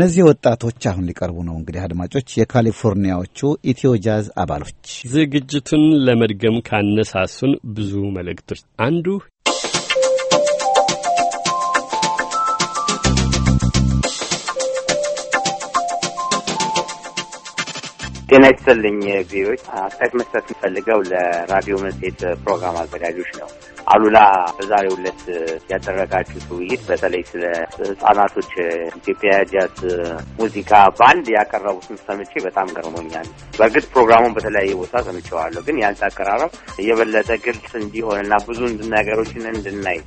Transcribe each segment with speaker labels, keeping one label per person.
Speaker 1: እነዚህ ወጣቶች አሁን ሊቀርቡ ነው። እንግዲህ አድማጮች፣ የካሊፎርኒያዎቹ ኢትዮ ጃዝ አባሎች
Speaker 2: ዝግጅቱን ለመድገም ካነሳሱን ብዙ መልእክቶች አንዱ
Speaker 3: ጤና ይስጥልኝ ቪዎች አስተያየት መስጠት የምፈልገው ለራዲዮ መጽሔት ፕሮግራም አዘጋጆች ነው። አሉላ በዛሬው ዕለት ያደረጋችሁት ውይይት በተለይ ስለ ህጻናቶች ኢትዮጵያ ጃዝ ሙዚቃ ባንድ ያቀረቡትን ሰምቼ በጣም ገርሞኛል። በእርግጥ ፕሮግራሙን በተለያየ ቦታ ሰምቼዋለሁ፣ ግን ያንተ አቀራረብ የበለጠ ግልጽ እንዲሆንና ብዙ ነገሮችን እንድናይ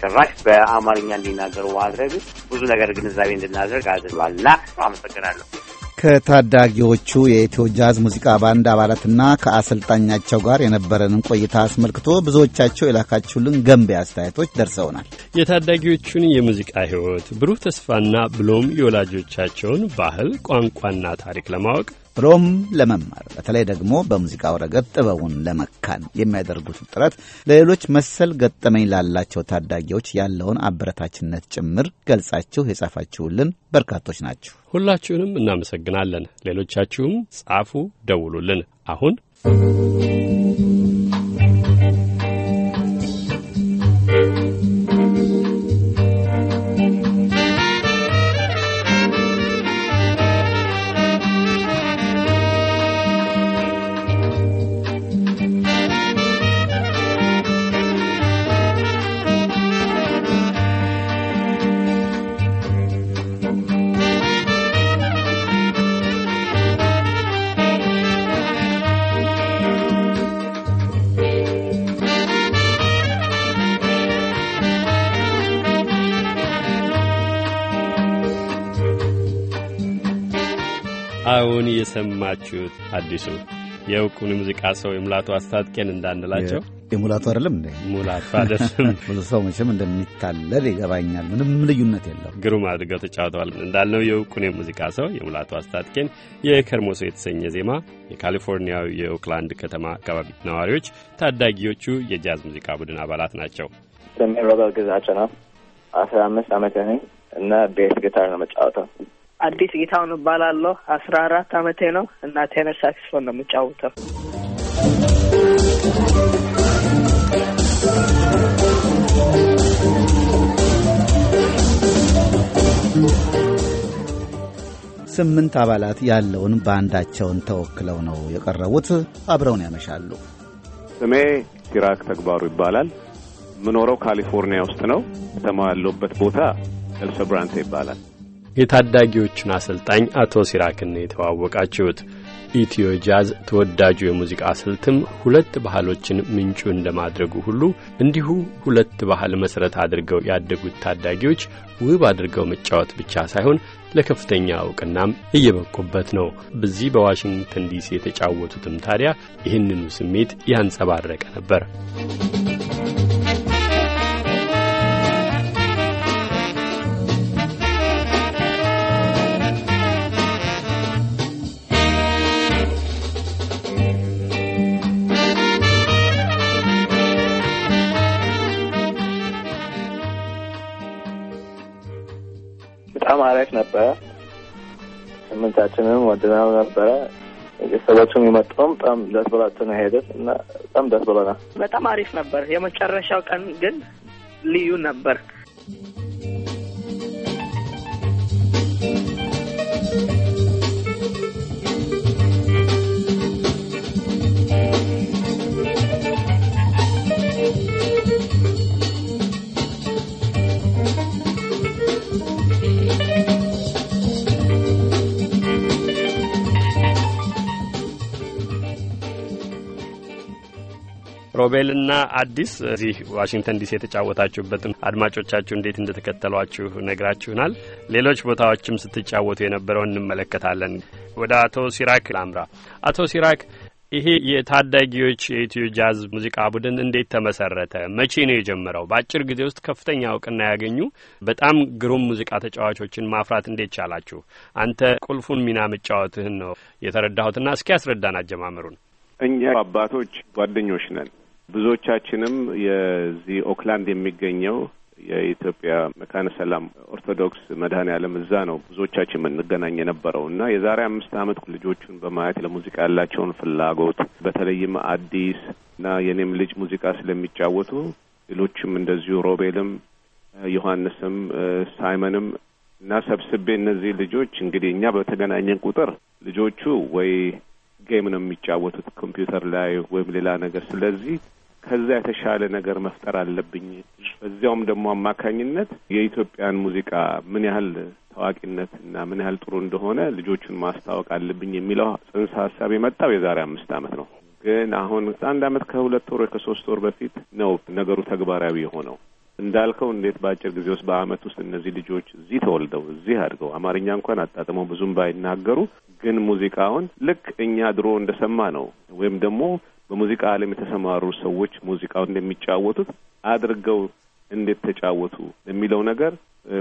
Speaker 3: ጭራሽ በአማርኛ እንዲናገሩ ማድረግ ብዙ ነገር ግንዛቤ እንድናደርግ አድርጓል እና
Speaker 4: አመሰግናለሁ።
Speaker 1: ከታዳጊዎቹ የኢትዮ ጃዝ ሙዚቃ ባንድ አባላትና ከአሰልጣኛቸው ጋር የነበረንን ቆይታ አስመልክቶ ብዙዎቻቸው የላካችሁልን ገንቢ አስተያየቶች ደርሰውናል።
Speaker 2: የታዳጊዎቹን የሙዚቃ ሕይወት ብሩህ ተስፋና ብሎም የወላጆቻቸውን
Speaker 1: ባህል ቋንቋና ታሪክ ለማወቅ ብሎም ለመማር በተለይ ደግሞ በሙዚቃው ረገድ ጥበቡን ለመካን የሚያደርጉት ጥረት ለሌሎች መሰል ገጠመኝ ላላቸው ታዳጊዎች ያለውን አበረታችነት ጭምር ገልጻችሁ የጻፋችሁልን በርካቶች ናችሁ።
Speaker 2: ሁላችሁንም እናመሰግናለን። ሌሎቻችሁም ጻፉ፣ ደውሉልን። አሁን የሰማችሁት አዲሱ የእውቁን ሙዚቃ ሰው የሙላቱ አስታጥቄን እንዳንላቸው
Speaker 1: የሙላቱ አይደለም እንደ ሙላቱ አይደለም። ብዙ ሰው መቼም እንደሚታለል ይገባኛል። ምንም ልዩነት የለም።
Speaker 2: ግሩም አድርገው ተጫውተዋል። እንዳልነው የእውቁን የሙዚቃ ሰው የሙላቱ አስታጥቄን የከርሞሶ የተሰኘ ዜማ የካሊፎርኒያዊ የኦክላንድ ከተማ አካባቢ ነዋሪዎች ታዳጊዎቹ የጃዝ ሙዚቃ ቡድን አባላት ናቸው።
Speaker 3: ስሜ ሮበል ግዛቸው ነው። አስራ አምስት አመት ነኝ እና ቤስ ጊታር ነው መጫወተው
Speaker 5: አዲስ ጌታውን እባላለሁ። አስራ አራት አመቴ ነው እና ቴነር ሳክስፎን ነው የምጫወተው።
Speaker 1: ስምንት አባላት ያለውን ባንዳቸውን ተወክለው ነው የቀረቡት። አብረውን ያመሻሉ።
Speaker 6: ስሜ ሲራክ ተግባሩ ይባላል። የምኖረው ካሊፎርኒያ ውስጥ
Speaker 2: ነው። ከተማ ያለውበት ቦታ ብራንቴ ይባላል። የታዳጊዎቹን አሰልጣኝ አቶ ሲራክን የተዋወቃችሁት። ኢትዮ ጃዝ ተወዳጁ የሙዚቃ ስልትም ሁለት ባህሎችን ምንጩ እንደማድረጉ ሁሉ እንዲሁ ሁለት ባህል መሠረት አድርገው ያደጉት ታዳጊዎች ውብ አድርገው መጫወት ብቻ ሳይሆን ለከፍተኛ እውቅናም እየበቁበት ነው። በዚህ በዋሽንግተን ዲሲ የተጫወቱትም ታዲያ ይህንኑ ስሜት ያንጸባረቀ ነበር።
Speaker 3: ነበረ። ስምንታችንም ወድናው ነበረ። ቤተሰቦቹም የመጣውም በጣም ደስ ብሏቸው ነው ሄደት እና በጣም ደስ ብሎናል።
Speaker 5: በጣም አሪፍ ነበር። የመጨረሻው ቀን ግን ልዩ ነበር። Thank you.
Speaker 2: ሮቤልና አዲስ እዚህ ዋሽንግተን ዲሲ የተጫወታችሁበትን አድማጮቻችሁ እንዴት እንደተከተሏችሁ ነግራችሁናል። ሌሎች ቦታዎችም ስትጫወቱ የነበረውን እንመለከታለን። ወደ አቶ ሲራክ ላምራ። አቶ ሲራክ ይሄ የታዳጊዎች የኢትዮ ጃዝ ሙዚቃ ቡድን እንዴት ተመሰረተ? መቼ ነው የጀመረው? በአጭር ጊዜ ውስጥ ከፍተኛ እውቅና ያገኙ በጣም ግሩም ሙዚቃ ተጫዋቾችን ማፍራት እንዴት ቻላችሁ? አንተ ቁልፉን ሚና መጫወትህን ነው የተረዳሁትና እስኪ ያስረዳን አጀማመሩን።
Speaker 6: እኛ አባቶች ጓደኞች ነን። ብዙዎቻችንም የዚህ ኦክላንድ የሚገኘው የኢትዮጵያ መካነ ሰላም ኦርቶዶክስ መድኃኔ ዓለም እዛ ነው ብዙዎቻችን የምንገናኝ የነበረው እና የዛሬ አምስት ዓመት ልጆቹን በማየት ለሙዚቃ ያላቸውን ፍላጎት በተለይም አዲስ እና የኔም ልጅ ሙዚቃ ስለሚጫወቱ ሌሎችም እንደዚሁ ሮቤልም፣ ዮሐንስም፣ ሳይመንም እና ሰብስቤ እነዚህ ልጆች እንግዲህ እኛ በተገናኘን ቁጥር ልጆቹ ወይ ጌም ነው የሚጫወቱት ኮምፒውተር ላይ ወይም ሌላ ነገር። ስለዚህ ከዛ የተሻለ ነገር መፍጠር አለብኝ። በዚያውም ደግሞ አማካኝነት የኢትዮጵያን ሙዚቃ ምን ያህል ታዋቂነት እና ምን ያህል ጥሩ እንደሆነ ልጆቹን ማስታወቅ አለብኝ የሚለው ጽንሰ ሀሳብ የመጣው የዛሬ አምስት ዓመት ነው። ግን አሁን አንድ ዓመት ከሁለት ወር ከሶስት ወር በፊት ነው ነገሩ ተግባራዊ የሆነው። እንዳልከው እንዴት በአጭር ጊዜ ውስጥ በአመት ውስጥ እነዚህ ልጆች እዚህ ተወልደው እዚህ አድገው አማርኛ እንኳን አጣጥመው ብዙም ባይናገሩ ግን ሙዚቃውን ልክ እኛ ድሮ እንደሰማ ነው ወይም ደግሞ በሙዚቃ ዓለም የተሰማሩ ሰዎች ሙዚቃውን እንደሚጫወቱት አድርገው እንዴት ተጫወቱ የሚለው ነገር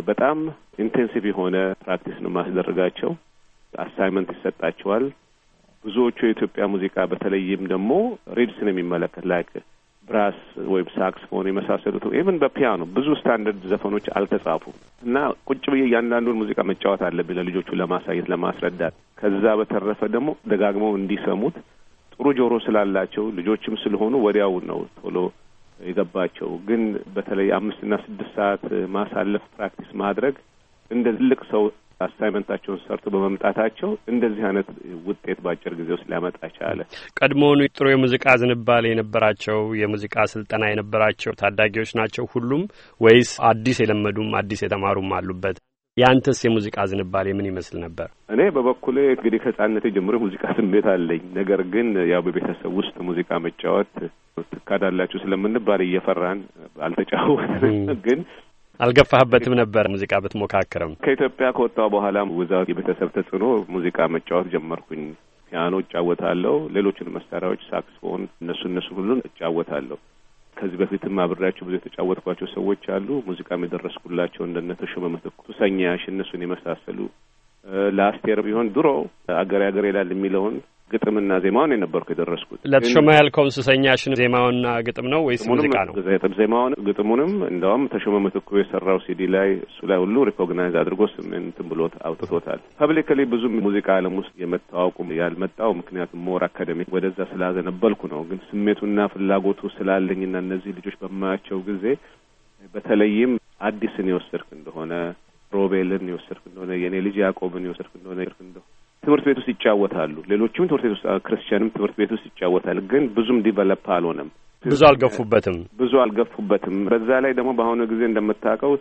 Speaker 6: በጣም ኢንቴንሲቭ የሆነ ፕራክቲስ ነው ማስደረጋቸው። አሳይመንት ይሰጣቸዋል። ብዙዎቹ የኢትዮጵያ ሙዚቃ በተለይም ደግሞ ሬድስን የሚመለከት ላይክ ብራስ ወይም ሳክስፎን የመሳሰሉት ኢቨን በፒያኖ ብዙ ስታንዳርድ ዘፈኖች አልተጻፉም እና ቁጭ ብዬ እያንዳንዱን ሙዚቃ መጫወት አለብኝ ለልጆቹ ለማሳየት ለማስረዳት። ከዛ በተረፈ ደግሞ ደጋግመው እንዲሰሙት ጥሩ ጆሮ ስላላቸው ልጆችም ስለሆኑ ወዲያው ነው ቶሎ የገባቸው። ግን በተለይ አምስትና ስድስት ሰዓት ማሳለፍ ፕራክቲስ ማድረግ እንደ ትልቅ ሰው አሳይመንታቸውን ሰርቶ በመምጣታቸው እንደዚህ አይነት ውጤት በአጭር ጊዜ ውስጥ ሊያመጣ ቻለ።
Speaker 2: ቀድሞውኑ ጥሩ የሙዚቃ ዝንባሌ የነበራቸው የሙዚቃ ስልጠና የነበራቸው ታዳጊዎች ናቸው ሁሉም ወይስ አዲስ የለመዱም አዲስ የተማሩም አሉበት? ያንተስ የሙዚቃ ዝንባሌ ምን ይመስል ነበር?
Speaker 6: እኔ በበኩሌ እንግዲህ ከህጻንነቴ ጀምሮ ሙዚቃ ስሜት አለኝ። ነገር ግን ያው በቤተሰብ ውስጥ ሙዚቃ መጫወት ትካዳላችሁ ስለምንባል እየፈራን አልተጫወትንም ግን
Speaker 2: አልገፋህበትም ነበር ሙዚቃ ብትሞካክርም።
Speaker 6: ከኢትዮጵያ ከወጣሁ በኋላ ውዛ የቤተሰብ ተጽዕኖ ሙዚቃ መጫወት ጀመርኩኝ። ፒያኖ እጫወታለሁ፣ ሌሎችን መሳሪያዎች ሳክስፎን፣ እነሱ እነሱ ሁሉን እጫወታለሁ። ከዚህ በፊትም አብሬያቸው ብዙ የተጫወትኳቸው ሰዎች አሉ። ሙዚቃም የደረስኩላቸው እንደነ ተሾመ ምትኩ፣ ሱሰኛሽ እነሱን የመሳሰሉ ለአስቴር ቢሆን ድሮ አገሬ አገሬ ይላል የሚለውን ግጥምና ዜማውን የነበርኩ የደረስኩት። ለተሾመ
Speaker 2: ያልከውን ስሰኛሽን ዜማውና ግጥም ነው ወይስ ሙዚቃ ነው? ዜማውን ግጥሙንም እንደውም ተሾመ
Speaker 6: ምትኩ የሰራው ሲዲ ላይ እሱ ላይ ሁሉ ሪኮግናይዝ አድርጎ ስምንትም ብሎ አውጥቶታል። ፐብሊካሊ ብዙም ሙዚቃ ዓለም ውስጥ የመታወቁ ያልመጣው ምክንያቱም ሞር አካደሚ ወደዛ ስላዘነበልኩ ነው። ግን ስሜቱና ፍላጎቱ ስላለኝና እነዚህ ልጆች በማያቸው ጊዜ በተለይም አዲስን የወሰድክ እንደሆነ ሮቤልን የወሰድክ እንደሆነ የእኔ ልጅ ያዕቆብን የወሰድክ እንደሆነ ትምህርት ቤት ውስጥ ይጫወታሉ። ሌሎችም ትምህርት ቤት ውስጥ ክርስቲያንም ትምህርት ቤት ውስጥ ይጫወታል። ግን ብዙም ዲቨሎፕ አልሆነም።
Speaker 2: ብዙ አልገፉበትም
Speaker 6: ብዙ አልገፉበትም። በዛ ላይ ደግሞ በአሁኑ ጊዜ እንደምታውቀው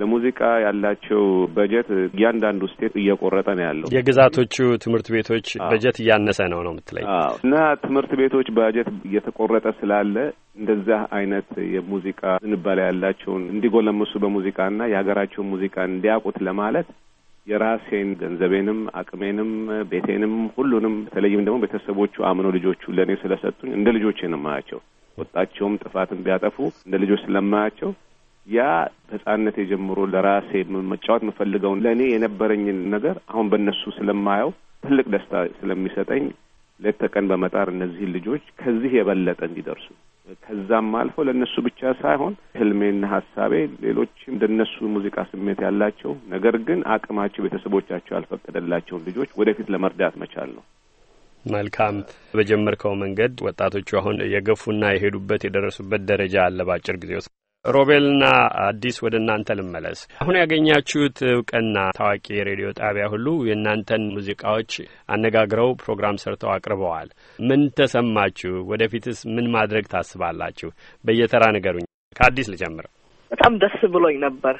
Speaker 6: ለሙዚቃ ያላቸው በጀት እያንዳንዱ ስቴት እየቆረጠ ነው ያለው።
Speaker 2: የግዛቶቹ ትምህርት ቤቶች በጀት እያነሰ ነው ነው የምትለኝ?
Speaker 6: እና ትምህርት ቤቶች በጀት እየተቆረጠ ስላለ እንደዛ አይነት የሙዚቃ ዝንባሌ ያላቸውን እንዲጎለምሱ በሙዚቃና የሀገራቸውን ሙዚቃ እንዲያውቁት ለማለት የራሴን ገንዘቤንም አቅሜንም ቤቴንም ሁሉንም በተለይም ደግሞ ቤተሰቦቹ አምኖ ልጆቹ ለእኔ ስለሰጡኝ እንደ ልጆቼ ነው የማያቸው። ወጣቸውም ጥፋትን ቢያጠፉ እንደ ልጆች ስለማያቸው ያ ህጻነት የጀምሮ ለራሴ መጫወት የምፈልገውን ለእኔ የነበረኝን ነገር አሁን በእነሱ ስለማየው ትልቅ ደስታ ስለሚሰጠኝ ሌት ተቀን በመጣር እነዚህን ልጆች ከዚህ የበለጠ እንዲደርሱ ከዛም አልፎ ለእነሱ ብቻ ሳይሆን ህልሜና ሀሳቤ ሌሎችም እንደነሱ ሙዚቃ ስሜት ያላቸው ነገር ግን አቅማቸው ቤተሰቦቻቸው ያልፈቀደላቸውን
Speaker 2: ልጆች ወደፊት ለመርዳት መቻል ነው። መልካም በጀመርከው መንገድ ወጣቶቹ አሁን የገፉና የሄዱበት የደረሱበት ደረጃ አለ በአጭር ጊዜ ውስጥ ሮቤልና አዲስ ወደ እናንተ ልመለስ። አሁን ያገኛችሁት እውቅና ታዋቂ የሬዲዮ ጣቢያ ሁሉ የእናንተን ሙዚቃዎች አነጋግረው ፕሮግራም ሰርተው አቅርበዋል። ምን ተሰማችሁ? ወደፊትስ ምን ማድረግ ታስባላችሁ? በየተራ ንገሩኝ። ከአዲስ ልጀምር።
Speaker 5: በጣም ደስ ብሎኝ ነበር።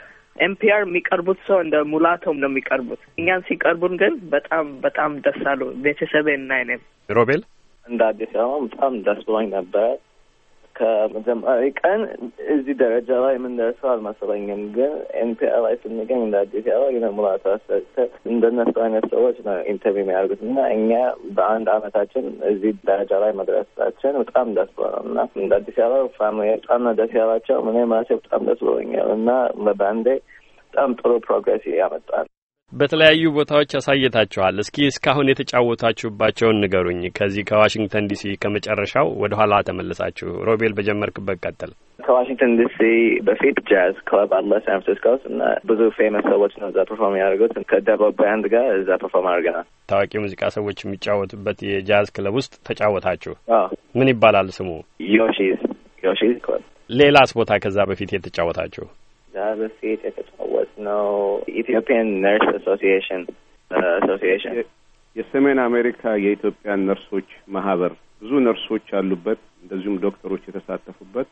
Speaker 5: ኤምፒአር የሚቀርቡት ሰው እንደ ሙላቶም ነው የሚቀርቡት። እኛን ሲቀርቡን ግን በጣም በጣም ደስ አሉ ቤተሰቤ እና እኔም። ሮቤል እንደ አዲስ አበባ በጣም ደስ ብሎኝ
Speaker 3: ነበር ከመጀመሪ ቀን እዚህ ደረጃ ላይ የምንደርሰው አልመሰለኝም። ግን ኤንፒአር ላይ ስንገኝ እንደ አዲስ አበባ ግን ሙላት አሰርተ እንደነሱ አይነት ሰዎች ነው ኢንተርቪው የሚያደርጉት እና እኛ በአንድ አመታችን እዚህ ደረጃ ላይ መድረሳችን በጣም ደስ ብሎ ነው እና እንደ አዲስ አበባ ፋሚሊ በጣም ነው ደስ ያላቸው። እኔ ማሴ በጣም ደስ ብሎኛል እና በባንዴ በጣም ጥሩ ፕሮግረስ ያመጣል።
Speaker 2: በተለያዩ ቦታዎች ያሳየታችኋል። እስኪ እስካሁን የተጫወታችሁባቸውን ንገሩኝ። ከዚህ ከዋሽንግተን ዲሲ ከመጨረሻው ወደ ኋላ ተመለሳችሁ። ሮቤል በጀመርክበት ቀጥል።
Speaker 3: ከዋሽንግተን ዲሲ በፊት ጃዝ ክለብ አለ ሳን ፍራንሲስኮ ውስጥ እና ብዙ ፌመስ ሰዎች ነው እዛ ፐርፎርም ያደርጉት። ከደቦ ባንድ ጋር እዛ ፐርፎርም
Speaker 2: አድርገናል። ታዋቂ ሙዚቃ ሰዎች የሚጫወቱበት የጃዝ ክለብ ውስጥ ተጫወታችሁ። ምን ይባላል ስሙ? ዮሺዝ ዮሺዝ ክለብ። ሌላስ ቦታ ከዛ በፊት የተጫወታችሁ?
Speaker 3: ከዛ
Speaker 6: በፊት የተጫወት ነው ኢትዮጵያን ነርስ የሰሜን አሜሪካ የኢትዮጵያ ነርሶች ማህበር ብዙ ነርሶች ያሉበት
Speaker 2: እንደዚሁም ዶክተሮች የተሳተፉበት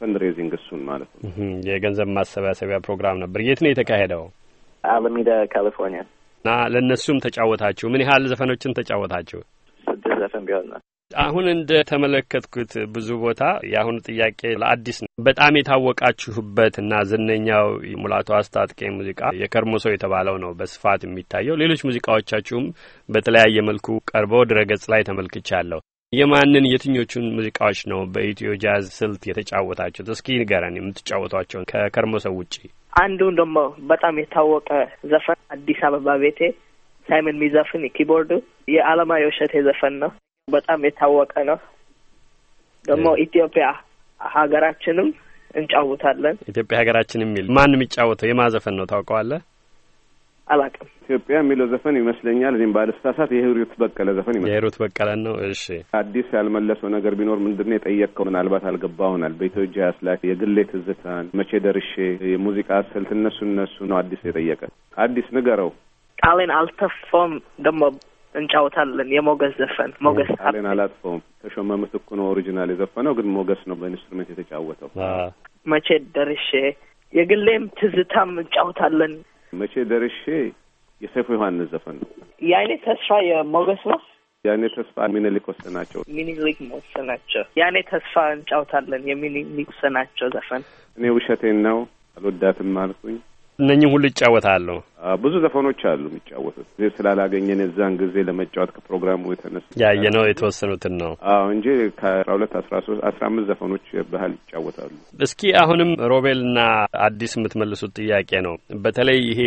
Speaker 2: ፈንድሬዚንግ እሱን ማለት ነው የገንዘብ ማሰባሰቢያ ፕሮግራም ነበር። የት ነው የተካሄደው?
Speaker 3: አለሚዳ ካሊፎርኒያ
Speaker 2: እና ለእነሱም ተጫወታችሁ። ምን ያህል ዘፈኖችን ተጫወታችሁ?
Speaker 3: ስድስት ዘፈን ቢሆን ነው።
Speaker 2: አሁን እንደ ተመለከትኩት ብዙ ቦታ የአሁኑ ጥያቄ ለአዲስ ነው። በጣም የታወቃችሁበት እና ዝነኛው ሙላቱ አስታጥቄ ሙዚቃ የከርሞ ሰው የተባለው ነው በስፋት የሚታየው። ሌሎች ሙዚቃዎቻችሁም በተለያየ መልኩ ቀርበው ድረገጽ ላይ ተመልክቻለሁ። የማንን የትኞቹን ሙዚቃዎች ነው በኢትዮ ጃዝ ስልት የተጫወታችሁት? እስኪ ንገረን የምትጫወቷቸውን ከከርሞ ሰው ውጪ።
Speaker 5: አንዱን ደግሞ በጣም የታወቀ ዘፈን አዲስ አበባ ቤቴ ሳይመን ሚዘፍን ኪቦርዱ የአለማየሁ እሸቴ ዘፈን ነው። በጣም የታወቀ ነው። ደግሞ ኢትዮጵያ ሀገራችንም እንጫወታለን።
Speaker 2: ኢትዮጵያ ሀገራችን የሚል ማን የሚጫወተው የማዘፈን ነው ታውቀዋለህ?
Speaker 6: አላቅም። ኢትዮጵያ የሚለው ዘፈን ይመስለኛል፣ እኔም ባለስታሳት የህሩት በቀለ ዘፈን ይመስለኛል።
Speaker 2: የሂሩት በቀለን ነው። እሺ፣
Speaker 6: አዲስ ያልመለሰው ነገር ቢኖር ምንድን ነው የጠየቅከው፣ ምናልባት አልገባ ሆናል። በኢትዮጅ ያስላክ የግሌ ትዝታን፣ መቼ ደርሼ፣ የሙዚቃ ስልት፣ እነሱ እነሱ ነው አዲስ የጠየቀ። አዲስ ንገረው።
Speaker 5: ቃሌን አልተፋም ደግሞ እንጫወታለን። የሞገስ ዘፈን ሞገስ
Speaker 6: አለን አላጥፈውም። ተሾመ ምትኩ ነው ኦሪጂናል የዘፈነው፣ ግን ሞገስ ነው በኢንስትሩመንት የተጫወተው።
Speaker 5: መቼ ደርሼ የግሌም ትዝታም እንጫወታለን።
Speaker 6: መቼ ደርሼ የሰይፉ ዮሐንስ ዘፈን ነው።
Speaker 5: የአይኔ ተስፋ የሞገስ ነው።
Speaker 6: ያኔ ተስፋ ሚኒሊክ ወሰናቸው
Speaker 5: ሚኒሊክ ወሰናቸው ያኔ ተስፋ እንጫወታለን። የሚኒሊክ ወሰናቸው ዘፈን
Speaker 6: እኔ ውሸቴን ነው አልወዳትም
Speaker 2: አልኩኝ እነኝህ ሁሉ ይጫወታለሁ።
Speaker 6: ብዙ ዘፈኖች አሉ የሚጫወቱት ጊዜ ስላላገኘን የዛን ጊዜ ለመጫወት ከፕሮግራሙ የተነሳ ያየ
Speaker 2: ነው የተወሰኑትን ነው።
Speaker 6: አዎ እንጂ ከአስራ ሁለት አስራ ሶስት አስራ አምስት ዘፈኖች ባህል ይጫወታሉ።
Speaker 2: እስኪ አሁንም ሮቤልና አዲስ የምትመልሱት ጥያቄ ነው። በተለይ ይሄ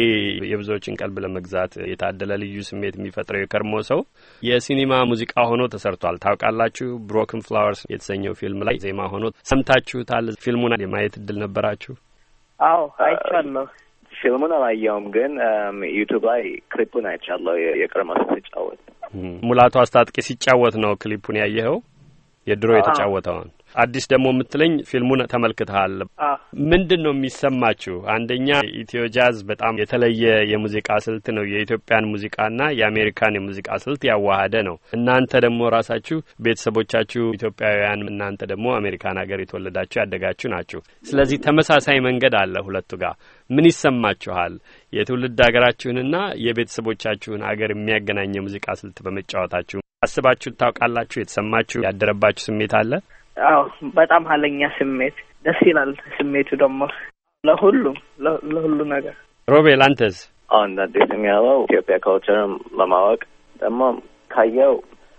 Speaker 2: የብዙዎችን ቀልብ ለመግዛት የታደለ ልዩ ስሜት የሚፈጥረው የከርሞ ሰው የሲኒማ ሙዚቃ ሆኖ ተሰርቷል። ታውቃላችሁ፣ ብሮክን ፍላወርስ የተሰኘው ፊልም ላይ ዜማ ሆኖ ሰምታችሁታል። ፊልሙን የማየት እድል ነበራችሁ?
Speaker 3: አዎ አይቻለሁ። ፊልሙን አላየውም፣ ግን ዩቱብ ላይ ክሊፑን አይቻለሁ። የቅርመ
Speaker 2: ሲጫወት ሙላቱ አስታጥቄ ሲጫወት ነው ክሊፑን ያየኸው? የድሮ የተጫወተውን አዲስ ደግሞ የምትለኝ ፊልሙን ተመልክተሃል። ምንድን ነው የሚሰማችሁ? አንደኛ ኢትዮ ጃዝ በጣም የተለየ የሙዚቃ ስልት ነው። የኢትዮጵያን ሙዚቃና የአሜሪካን የሙዚቃ ስልት ያዋሃደ ነው። እናንተ ደግሞ ራሳችሁ ቤተሰቦቻችሁ ኢትዮጵያውያን፣ እናንተ ደግሞ አሜሪካን ሀገር የተወለዳችሁ ያደጋችሁ ናችሁ። ስለዚህ ተመሳሳይ መንገድ አለ ሁለቱ ጋር ምን ይሰማችኋል? የትውልድ አገራችሁንና የቤተሰቦቻችሁን አገር የሚያገናኝ የሙዚቃ ስልት በመጫወታችሁ አስባችሁ ታውቃላችሁ? የተሰማችሁ ያደረባችሁ ስሜት አለ?
Speaker 5: አዎ፣ በጣም ሀይለኛ ስሜት። ደስ ይላል ስሜቱ ደግሞ ለሁሉም ለሁሉ ነገር።
Speaker 2: ሮቤል አንተስ? አሁን አዲስ
Speaker 3: የሚያለው ኢትዮጵያ ካልቸርም ለማወቅ ደግሞ ካየው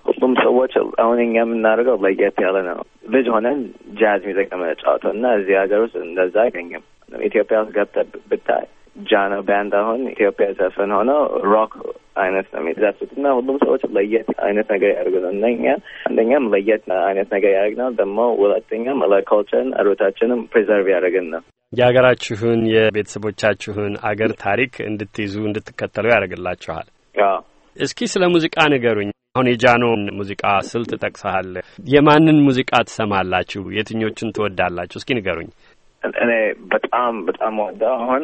Speaker 3: ሁሉም ሰዎች አሁን እኛ የምናደርገው ለየት ያለ ነው። ልጅ ሆነን ጃዝ ሙዚቃ መጫወተው እና እዚህ ሀገር ውስጥ እንደዛ አይገኝም። ኢትዮጵያ ውስጥ ገብተ ብታይ ጃኖ ባንድ አሁን ኢትዮጵያ ዘፈን ሆኖ ሮክ አይነት ነው የሚዛሱት እና ሁሉም ሰዎች ለየት አይነት ነገር ያደርጉ ነው እና አንደኛም ለየት አይነት ነገር ያደርግ ነው ደግሞ ሁለተኛም ለኮልቸርን አሮታችንም ፕሪዘርቭ ያደርግን ነው።
Speaker 2: የሀገራችሁን የቤተሰቦቻችሁን አገር ታሪክ እንድትይዙ እንድትከተሉ ያደርግላችኋል። እስኪ ስለ ሙዚቃ ንገሩኝ። አሁን የጃኖን ሙዚቃ ስልት ጠቅሰሃል። የማንን ሙዚቃ ትሰማላችሁ? የትኞቹን ትወዳላችሁ? እስኪ ንገሩኝ።
Speaker 3: እኔ በጣም በጣም ወደው አሁን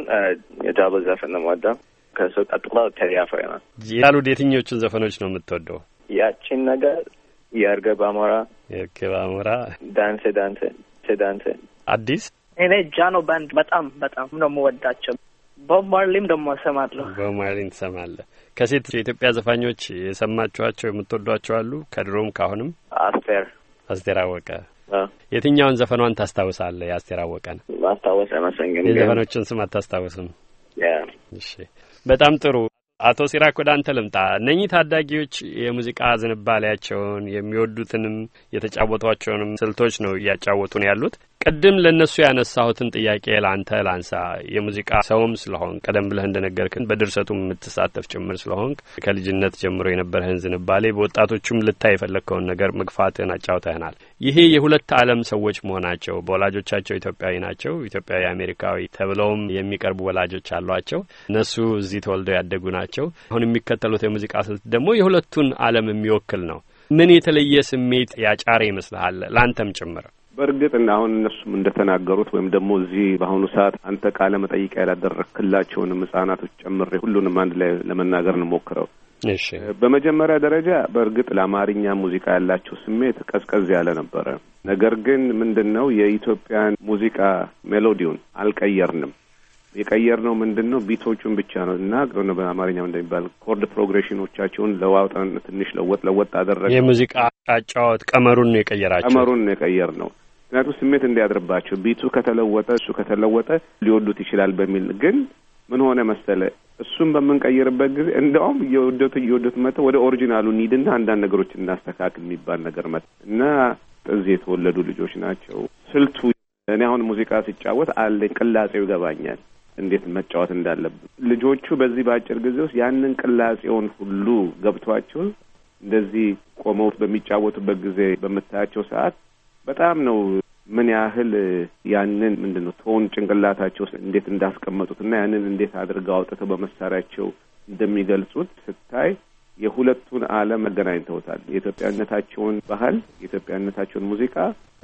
Speaker 3: የጃበ ዘፈን ነው ወደው። ከሱ ቀጥሎ ቴዲ አፍሮ ነው።
Speaker 2: ያሉት የትኞቹን ዘፈኖች ነው የምትወደው?
Speaker 3: ያቺን ነገር፣ የእርግብ አሞራ፣
Speaker 2: የእርግብ አሞራ፣
Speaker 5: ዳንሴ ዳንሴ
Speaker 2: ዳንሴ፣ አዲስ
Speaker 5: እኔ ጃኖ ባንድ በጣም በጣም ነው የምወዳቸው። ቦብ ማርሊም ደግሞ እሰማለሁ።
Speaker 2: ቦብ ማርሊም ትሰማለህ? ከሴት የኢትዮጵያ ዘፋኞች የሰማችኋቸው የምትወዷቸው አሉ? ከድሮም ከአሁንም? አስቴር አስቴር አወቀ የትኛውን ዘፈኗን ታስታውሳለህ? የአስቴር አወቀን ማስታወሰ መሰንግን የዘፈኖችን ስም አታስታውስም? እሺ፣ በጣም ጥሩ። አቶ ሲራክ ወደ አንተ ልምጣ። እነኚህ ታዳጊዎች የሙዚቃ ዝንባሌያቸውን የሚወዱትንም የተጫወቷቸውንም ስልቶች ነው እያጫወቱን ያሉት። ቅድም ለእነሱ ያነሳሁትን ጥያቄ ለአንተ ላንሳ። የሙዚቃ ሰውም ስለሆን ቀደም ብለህ እንደነገርክን በድርሰቱም የምትሳተፍ ጭምር ስለሆንክ ከልጅነት ጀምሮ የነበረህን ዝንባሌ በወጣቶቹም ልታይ የፈለግከውን ነገር መግፋትህን አጫውተህናል። ይሄ የሁለት ዓለም ሰዎች መሆናቸው በወላጆቻቸው ኢትዮጵያዊ ናቸው፣ ኢትዮጵያዊ አሜሪካዊ ተብለውም የሚቀርቡ ወላጆች አሏቸው። እነሱ እዚህ ተወልደው ያደጉ ናቸው። አሁን የሚከተሉት የሙዚቃ ስልት ደግሞ የሁለቱን ዓለም የሚወክል ነው። ምን የተለየ ስሜት ያጫረ ይመስልሃል? ለአንተም ጭምር
Speaker 6: በእርግጥ እና አሁን እነሱም እንደተናገሩት ወይም ደግሞ እዚህ በአሁኑ ሰዓት አንተ ቃለ መጠይቅ ያላደረክላቸውንም ህጻናቶች ጨምሬ ሁሉንም አንድ ላይ ለመናገር እንሞክረው። እሺ፣ በመጀመሪያ ደረጃ በእርግጥ ለአማርኛ ሙዚቃ ያላቸው ስሜት ቀዝቀዝ ያለ ነበረ። ነገር ግን ምንድን ነው የኢትዮጵያን ሙዚቃ ሜሎዲውን አልቀየርንም። የቀየርነው ምንድን ነው ቢቶቹን ብቻ ነው እና በአማርኛ እንደሚባል ኮርድ ፕሮግሬሽኖቻቸውን ለዋውጠን ትንሽ ለወጥ ለወጥ አደረገ። የሙዚቃ
Speaker 2: አጫወት ቀመሩን ነው የቀየራቸው። ቀመሩን
Speaker 6: ነው የቀየር ነው ምክንያቱም ስሜት እንዲያድርባቸው ቢቱ ከተለወጠ እሱ ከተለወጠ ሊወዱት ይችላል በሚል ግን ምን ሆነ መሰለ እሱን በምንቀይርበት ጊዜ እንደውም እየወደቱ እየወደቱ መጥተው ወደ ኦሪጂናሉ ኒድና አንዳንድ ነገሮች እናስተካክል የሚባል ነገር መጥ እና እዚህ የተወለዱ ልጆች ናቸው። ስልቱ እኔ አሁን ሙዚቃ ሲጫወት አለኝ ቅላጼው ይገባኛል፣ እንዴት መጫወት እንዳለብን ልጆቹ በዚህ በአጭር ጊዜ ውስጥ ያንን ቅላጼውን ሁሉ ገብቷቸው እንደዚህ ቆመው በሚጫወቱበት ጊዜ በምታያቸው ሰዓት በጣም ነው ምን ያህል ያንን ምንድን ነው ቶን ጭንቅላታቸው ውስጥ እንዴት እንዳስቀመጡት እና ያንን እንዴት አድርገው አውጥተው በመሳሪያቸው እንደሚገልጹት ስታይ የሁለቱን ዓለም መገናኝተውታል። የኢትዮጵያነታቸውን ባህል፣ የኢትዮጵያነታቸውን ሙዚቃ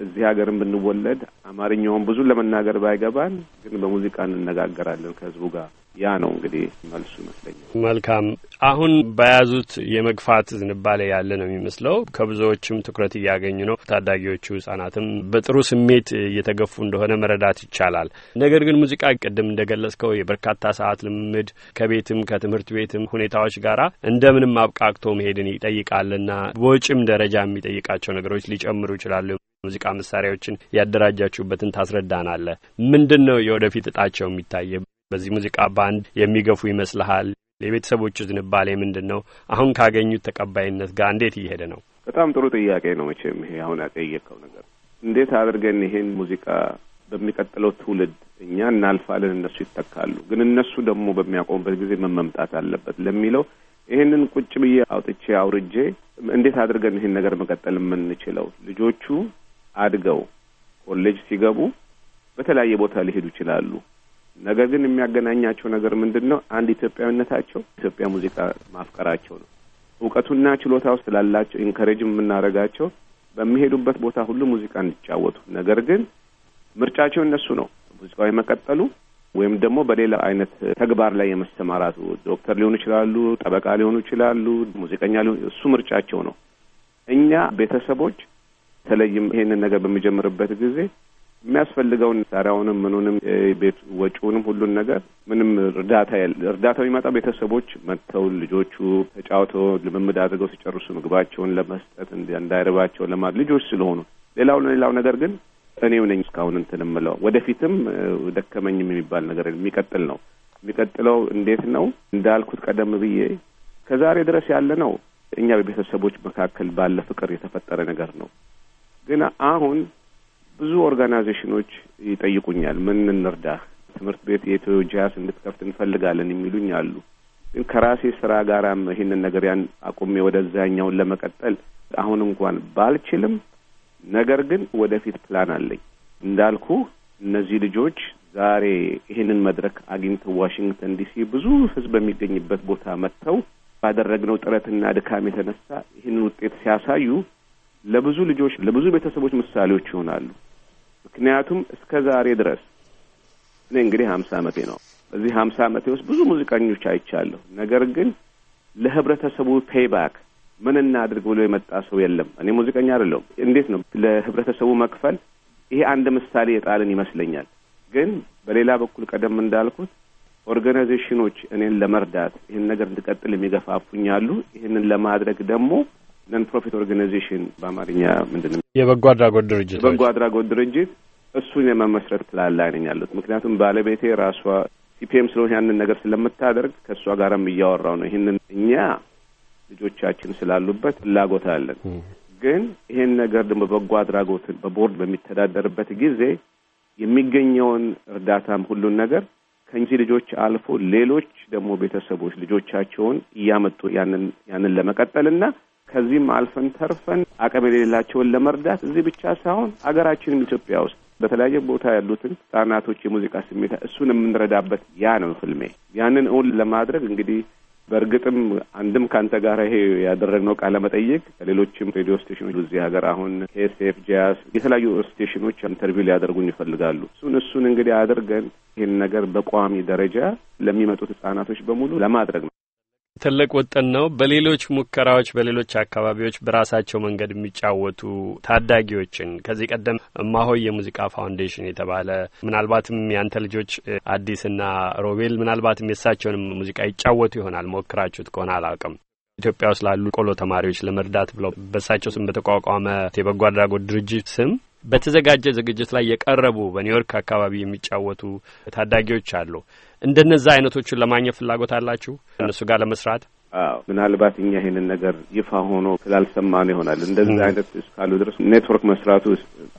Speaker 6: እዚህ ሀገርም ብንወለድ አማርኛውን ብዙ ለመናገር ባይገባን ግን በሙዚቃ እንነጋገራለን
Speaker 2: ከህዝቡ ጋር። ያ ነው እንግዲህ መልሱ ይመስለኛል። መልካም። አሁን በያዙት የመግፋት ዝንባሌ ያለ ነው የሚመስለው። ከብዙዎችም ትኩረት እያገኙ ነው። ታዳጊዎቹ ህጻናትም በጥሩ ስሜት እየተገፉ እንደሆነ መረዳት ይቻላል። ነገር ግን ሙዚቃ ቅድም እንደገለጽከው የበርካታ ሰዓት ልምምድ ከቤትም ከትምህርት ቤትም ሁኔታዎች ጋራ እንደምንም አብቃቅቶ መሄድን ይጠይቃልና በወጪም ደረጃ የሚጠይቃቸው ነገሮች ሊጨምሩ ይችላሉ። ሙዚቃ መሳሪያዎችን ያደራጃችሁበትን ታስረዳናለ ምንድን ነው የወደፊት እጣቸው የሚታየ በዚህ ሙዚቃ ባንድ የሚገፉ ይመስልሃል? የቤተሰቦቹ ዝንባሌ ምንድን ነው? አሁን ካገኙት ተቀባይነት ጋር እንዴት እየሄደ ነው?
Speaker 6: በጣም ጥሩ ጥያቄ ነው። መቼም ይሄ አሁን ያጠየቀው ነገር እንዴት አድርገን ይሄን ሙዚቃ በሚቀጥለው ትውልድ እኛ እናልፋለን፣ እነሱ ይተካሉ። ግን እነሱ ደግሞ በሚያቆሙበት ጊዜ ምን መምጣት አለበት ለሚለው ይህንን ቁጭ ብዬ አውጥቼ አውርጄ እንዴት አድርገን ይህን ነገር መቀጠል የምንችለው ልጆቹ አድገው ኮሌጅ ሲገቡ በተለያየ ቦታ ሊሄዱ ይችላሉ። ነገር ግን የሚያገናኛቸው ነገር ምንድን ነው? አንድ ኢትዮጵያዊነታቸው ኢትዮጵያ ሙዚቃ ማፍቀራቸው ነው። እውቀቱና ችሎታ ውስጥ ስላላቸው ኢንከሬጅ የምናደርጋቸው በሚሄዱበት ቦታ ሁሉ ሙዚቃ እንዲጫወቱ። ነገር ግን ምርጫቸው እነሱ ነው። ሙዚቃው የመቀጠሉ ወይም ደግሞ በሌላ አይነት ተግባር ላይ የመሰማራቱ ዶክተር ሊሆኑ ይችላሉ፣ ጠበቃ ሊሆኑ ይችላሉ፣ ሙዚቀኛ ሊሆኑ እሱ ምርጫቸው ነው። እኛ ቤተሰቦች በተለይም ይሄንን ነገር በሚጀምርበት ጊዜ የሚያስፈልገውን ሳሪያውንም ምኑንም ቤት ወጪውንም ሁሉን ነገር ምንም እርዳታ ያለ እርዳታው የሚመጣ ቤተሰቦች መጥተው ልጆቹ ተጫውተው ልምምድ አድርገው ሲጨርሱ ምግባቸውን ለመስጠት እንዳይርባቸው ለማድ ልጆች ስለሆኑ ሌላው ሌላው ነገር ግን እኔው ነኝ እስካሁን እንትን የምለው ወደፊትም ደከመኝም የሚባል ነገር የሚቀጥል ነው። የሚቀጥለው እንዴት ነው እንዳልኩት ቀደም ብዬ ከዛሬ ድረስ ያለ ነው እኛ በቤተሰቦች መካከል ባለ ፍቅር የተፈጠረ ነገር ነው። ግን አሁን ብዙ ኦርጋናይዜሽኖች ይጠይቁኛል፣ ምን እንርዳ፣ ትምህርት ቤት የኢትዮ ጂያስ እንድትከፍት እንፈልጋለን የሚሉኝ አሉ። ግን ከራሴ ስራ ጋራም ይህንን ነገር ያን አቁሜ ወደዛኛውን ለመቀጠል አሁን እንኳን ባልችልም፣ ነገር ግን ወደፊት ፕላን አለኝ እንዳልኩ እነዚህ ልጆች ዛሬ ይህንን መድረክ አግኝተው ዋሽንግተን ዲሲ ብዙ ህዝብ በሚገኝበት ቦታ መጥተው ባደረግነው ጥረትና ድካም የተነሳ ይህንን ውጤት ሲያሳዩ ለብዙ ልጆች ለብዙ ቤተሰቦች ምሳሌዎች ይሆናሉ። ምክንያቱም እስከ ዛሬ ድረስ እኔ እንግዲህ ሀምሳ ዓመቴ ነው። በዚህ ሀምሳ ዓመቴ ውስጥ ብዙ ሙዚቀኞች አይቻለሁ። ነገር ግን ለህብረተሰቡ ፔይባክ ምን እናድርግ ብሎ የመጣ ሰው የለም። እኔ ሙዚቀኛ አይደለሁም። እንዴት ነው ለህብረተሰቡ መክፈል? ይሄ አንድ ምሳሌ የጣልን ይመስለኛል። ግን በሌላ በኩል ቀደም እንዳልኩት ኦርጋናይዜሽኖች እኔን ለመርዳት ይህን ነገር እንድቀጥል የሚገፋፉኛሉ ይህንን ለማድረግ ደግሞ ነን ፕሮፊት ኦርጋናይዜሽን በአማርኛ
Speaker 2: ምንድን ነው የበጎ አድራጎት ድርጅት የበጎ
Speaker 6: አድራጎት ድርጅት እሱን የመመስረት ፕላን ላይ ነኝ ምክንያቱም ባለቤቴ ራሷ ሲፒኤም ስለሆነ ያንን ነገር ስለምታደርግ ከእሷ ጋርም እያወራው ነው። ይህንን እኛ ልጆቻችን ስላሉበት ፍላጎት አለን፣ ግን ይሄን ነገር ደግሞ በጎ አድራጎትን በቦርድ በሚተዳደርበት ጊዜ የሚገኘውን እርዳታም ሁሉን ነገር ከእንጂ ልጆች አልፎ ሌሎች ደግሞ ቤተሰቦች ልጆቻቸውን እያመጡ ያንን ያንን ለመቀጠልና ከዚህም አልፈን ተርፈን አቅም የሌላቸውን ለመርዳት እዚህ ብቻ ሳይሆን አገራችንም ኢትዮጵያ ውስጥ በተለያየ ቦታ ያሉትን ህጻናቶች የሙዚቃ ስሜት እሱን የምንረዳበት ያ ነው ፍልሜ። ያንን እውን ለማድረግ እንግዲህ በእርግጥም አንድም ከአንተ ጋር ይሄ ያደረግነው ቃለ መጠየቅ ከሌሎችም ሬዲዮ ስቴሽኖች እዚህ ሀገር አሁን ኤስኤፍ ጃያስ የተለያዩ ስቴሽኖች ኢንተርቪው ሊያደርጉን ይፈልጋሉ። እሱን እሱን እንግዲህ አድርገን ይህን ነገር በቋሚ ደረጃ ለሚመጡት ህጻናቶች በሙሉ ለማድረግ ነው።
Speaker 2: ትልቅ ውጥን ነው። በሌሎች ሙከራዎች በሌሎች አካባቢዎች በራሳቸው መንገድ የሚጫወቱ ታዳጊዎችን ከዚህ ቀደም እማሆይ የሙዚቃ ፋውንዴሽን የተባለ ምናልባትም ያንተ ልጆች አዲስና ሮቤል ምናልባትም የእሳቸውንም ሙዚቃ ይጫወቱ ይሆናል ሞክራችሁት ከሆነ አላውቅም። ኢትዮጵያ ውስጥ ላሉ ቆሎ ተማሪዎች ለመርዳት ብለው በእሳቸው ስም በተቋቋመ የበጎ አድራጎት ድርጅት ስም በተዘጋጀ ዝግጅት ላይ የቀረቡ በኒውዮርክ አካባቢ የሚጫወቱ ታዳጊዎች አሉ። እንደነዛ አይነቶቹን ለማግኘት ፍላጎት አላችሁ እነሱ ጋር ለመስራት?
Speaker 6: አዎ ምናልባት እኛ ይሄንን ነገር ይፋ ሆኖ ነው ይሆናል። እንደዚህ አይነት እስካሉ ድረስ ኔትወርክ መስራቱ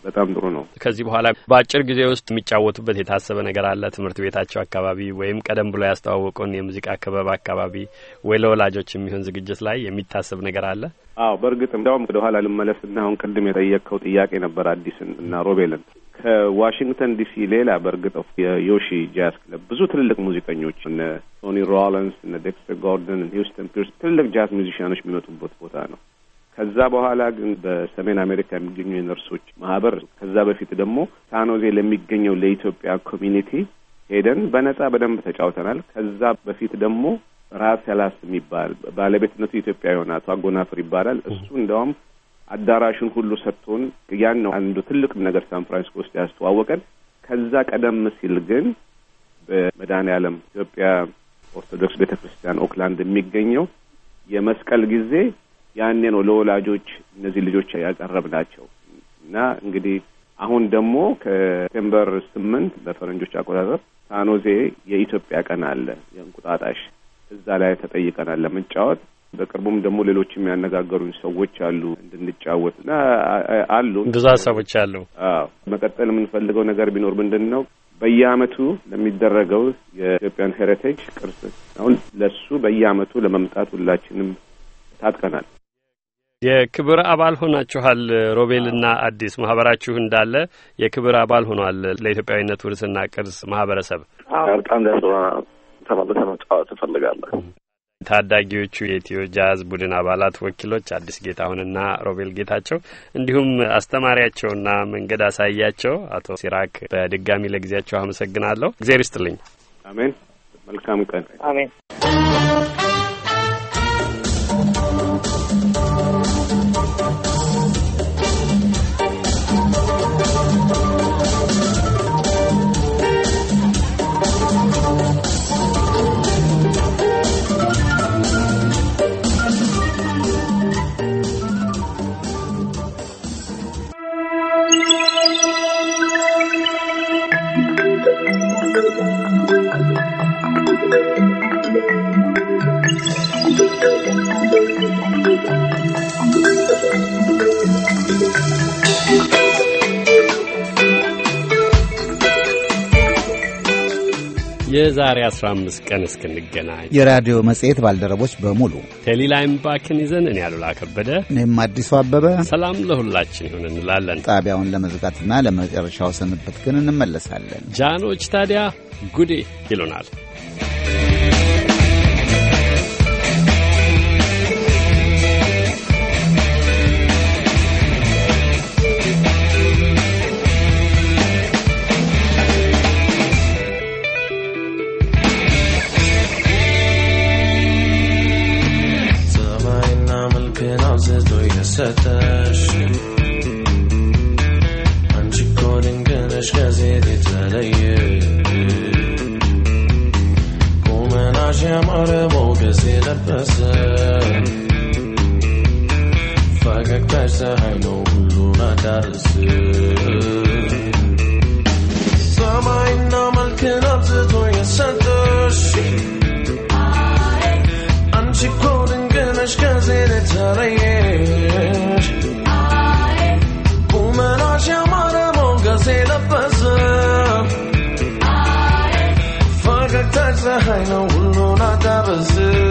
Speaker 6: በጣም ጥሩ ነው።
Speaker 2: ከዚህ በኋላ በአጭር ጊዜ ውስጥ የሚጫወቱበት የታሰበ ነገር አለ። ትምህርት ቤታቸው አካባቢ ወይም ቀደም ብሎ ያስተዋወቁን የሙዚቃ ክበብ አካባቢ ወይ ለወላጆች የሚሆን ዝግጅት ላይ የሚታሰብ ነገር አለ?
Speaker 6: አዎ በእርግጥ እንዲያውም ወደኋላ ልመለስና አሁን ቅድም የጠየቅከው ጥያቄ ነበር አዲስን እና ሮቤልን ከዋሽንግተን ዲሲ ሌላ በእርግጥ የዮሺ ጃዝ ክለብ ብዙ ትልልቅ ሙዚቀኞች እነ ቶኒ ሮሊንስ፣ እነ ዴክስተር ጎርደን፣ ሂውስተን ፒርስ ትልልቅ ጃዝ ሙዚሽያኖች የሚመጡበት ቦታ ነው። ከዛ በኋላ ግን በሰሜን አሜሪካ የሚገኙ የነርሶች ማህበር፣ ከዛ በፊት ደግሞ ሳኖዜ ለሚገኘው ለኢትዮጵያ ኮሚኒቲ ሄደን በነጻ በደንብ ተጫውተናል። ከዛ በፊት ደግሞ ራስ ሰላስ የሚባል ባለቤትነቱ ኢትዮጵያ የሆነ አቶ አጎናፍር ይባላል። እሱ እንደውም አዳራሹን ሁሉ ሰጥቶን ያን ነው አንዱ ትልቅ ነገር ሳን ፍራንሲስኮ ውስጥ ያስተዋወቀን። ከዛ ቀደም ሲል ግን በመድኃኔዓለም ኢትዮጵያ ኦርቶዶክስ ቤተ ክርስቲያን ኦክላንድ የሚገኘው የመስቀል ጊዜ ያኔ ነው ለወላጆች እነዚህ ልጆች ያቀረብ ናቸው እና እንግዲህ አሁን ደግሞ ከሴፕቴምበር ስምንት በፈረንጆች አቆጣጠር ሳኖዜ የኢትዮጵያ ቀን አለ የእንቁጣጣሽ እዛ ላይ ተጠይቀናል ለመጫወት በቅርቡም ደግሞ ሌሎች የሚያነጋገሩኝ ሰዎች አሉ እንድንጫወት እና አሉ ብዙ
Speaker 2: ሀሳቦች አሉ።
Speaker 6: አዎ መቀጠል የምንፈልገው ነገር ቢኖር ምንድን ነው በየአመቱ ለሚደረገው የኢትዮጵያን ሄሪቴጅ ቅርስ አሁን ለሱ በየአመቱ ለመምጣት ሁላችንም ታጥቀናል።
Speaker 2: የክብር አባል ሆናችኋል። ሮቤልና አዲስ ማህበራችሁ እንዳለ የክብር አባል ሆኗል ለኢትዮጵያዊነት ውርስና ቅርስ ማህበረሰብ በጣም ደስ ተመልሰ መጫወት እፈልጋለሁ። ታዳጊዎቹ የኢትዮ ጃዝ ቡድን አባላት ወኪሎች አዲስ ጌታሁንና ሮቤል ጌታቸው እንዲሁም አስተማሪያቸውና መንገድ አሳያቸው አቶ ሲራክ በድጋሚ ለጊዜያቸው አመሰግናለሁ። እግዜር ይስጥልኝ። አሜን። መልካም ቀን። አሜን። 15 ቀን እስክንገናኝ
Speaker 1: የራዲዮ መጽሔት ባልደረቦች በሙሉ
Speaker 2: ቴሌላይም ባክን
Speaker 1: ይዘን እኔ አሉላ ከበደ እኔም አዲሱ አበበ ሰላም ለሁላችን ይሁን እንላለን። ጣቢያውን ለመዝጋትና ለመጨረሻው ስንብት ግን እንመለሳለን። ጃኖች ታዲያ ጉዴ ይሉናል።
Speaker 7: 自私。